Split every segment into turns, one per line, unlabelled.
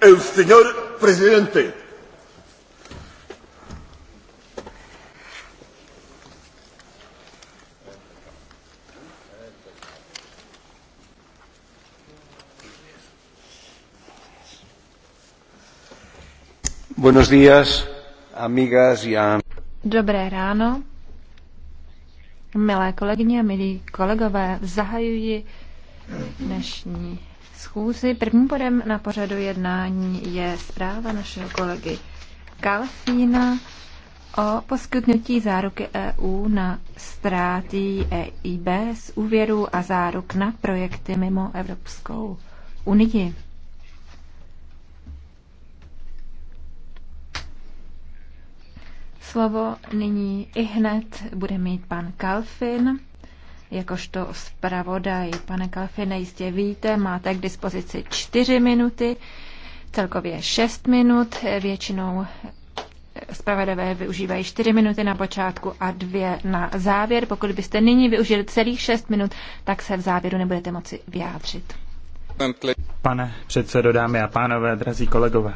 el señor presidente. Buenos días, amigas y
Dobré ráno, milé kolegyně, milí kolegové, zahajuji dnešní schůzi. Prvním bodem na pořadu jednání je zpráva našeho kolegy Kalfína o poskytnutí záruky EU na ztráty EIB z úvěru a záruk na projekty mimo Evropskou unii. Slovo nyní i hned bude mít pan Kalfin jakožto zpravodaj. Pane Kalfine, jistě víte, máte k dispozici čtyři minuty, celkově šest minut, většinou zpravodajové využívají čtyři minuty na počátku a dvě na závěr. Pokud byste nyní využili celých šest minut, tak se v závěru nebudete moci vyjádřit.
Pane předsedo, dámy a pánové, drazí kolegové,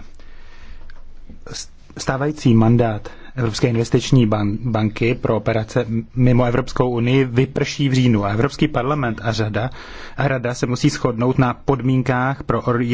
stávající mandát Evropské investiční ban- banky pro operace mimo Evropskou unii vyprší v říjnu a Evropský parlament a řada a rada se musí shodnout na podmínkách pro